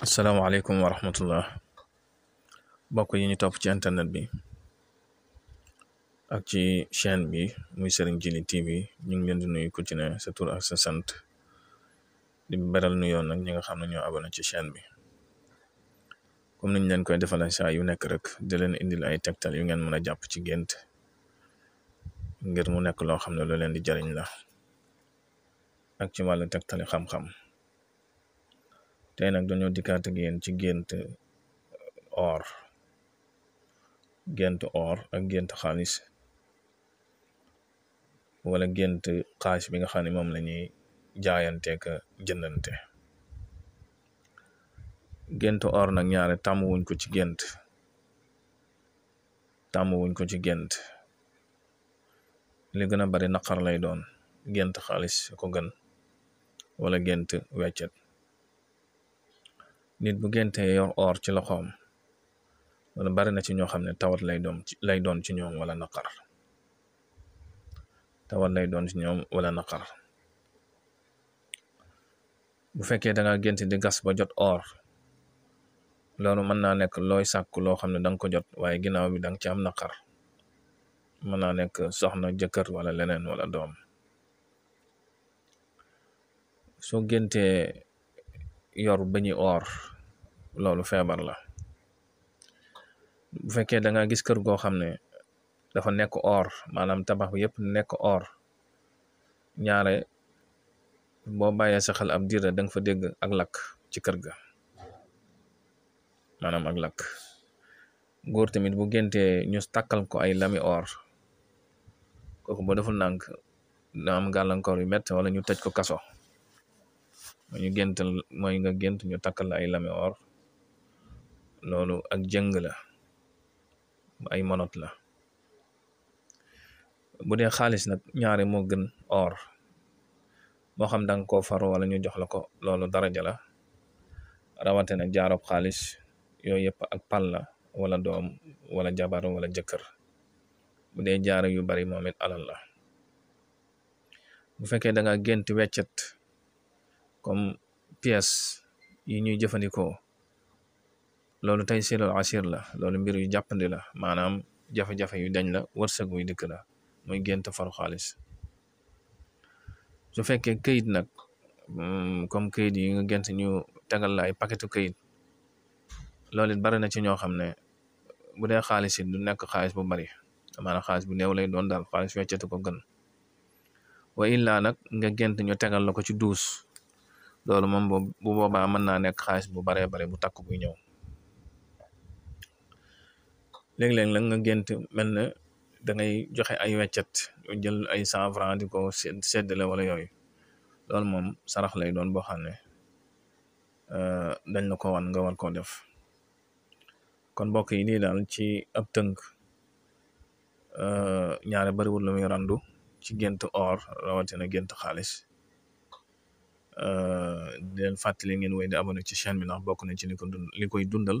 asalaamaaleykum wa rahmatullah mbokk yi ñu topp ci internet bi ak ci chaîne bi muy Serigne Djily TV ñu ngi leen di nuyu ku ci ak sa sant di beral nuyoo nag ñi nga xam ne ñoo abala ci chaîne bi comme niñ leen koy defalee saa yu nekk rek di leen indil ay tegtal yu ngeen mën a jàpp ci gént ngir mu nekk loo xam ne lu leen di jariñ la ak ci wàllu tegtali xam-xam. tey nag dañoo dikkaat ak yéen ci gént or gént or ak gént xaalis wala gént xaalis bi nga xam ne moom la ñuy jaayanteek jëndante gént or nag ñaare tàmm wuñ ko ci gént tàmm wuñ ko ci gént li gën a bari naqar lay doon gént xaalis ko gën wala gént weccet nit bu géntee yor or ci loxoom wala bari na ci ñoo xam ne tawat lay doom ci lay doon ci ñoom wala naqar tawat lay doon ci ñoom wala naqar bu fekkee danga nga gént di gas ba jot or loolu mën naa nekk looy sàkk loo xam ne da ko jot waaye ginnaaw bi da nga ci am naqar mën naa nekk soxna jëkkër wala leneen wala doom soo géntee yor bañi or loolu feebar la bu fekkee danga gis kër goo xam ne dafa nekk or maanaam tabax bi yëpp nekk or ñaare boo bàyyee sa ab diir da nga fa dégg ak lakk ci kër ga maanaam ak lakk góor tamit bu géntee ñu takkal ko ay lami or kooku boo deful nànk dina am gàllankoor yu métti wala ñu tej ko kaso ñu géntal mooy nga gént ñu takkal ay lami or loolu ak jëng la ay monot la bu dee xaalis nag ñaari moo gën or moo xam dang ko far wala ñu jox la ko loolu daraja la rawate nag jaaroob xaalis yooyu yëpp ak pal la wala doom wala jabar wala jëkkër bu dee jaaro yu bari moom alal la bu fekkee danga nga gént weccet comme pièce yi ñuy jëfandikoo loolu tey siilul asir la loolu mbir yu jàppandi la maanaam jafe-jafe yu dañ la wërsëg wuy dikk la muy gént faru xaalis su fekkee këyit nag mm, comme kayit yi nga gént ñu tegal la ay paquetu këyit loolu bari na ci ñoo xam ne bu dee xaalis it du nekk xaalis bu bari maanaam xaalis bu néew lay doon daal xaalis weccatu ko gën wa illaa nag nga gént ñu tegal la ko ci duus loolu moom bu boobaa mën naa nekk xaalis bu baree bare bu takk buy ñëw léeg-léeg nag nga gént mel na da joxe ay weccet jël ay cent franc di ko seddale wala yooyu loolu moom sarax lay doon boo xam ne euh, dañ la ko wan nga war koo def kon mbokk yi nii daal ci ab tënk euh, ñaare bariwul la muy randu ci gént or na gént xaalis euh, di leen fàttali ngeen woy di ci chaîne bi nax bokk na ci li ko li koy dundal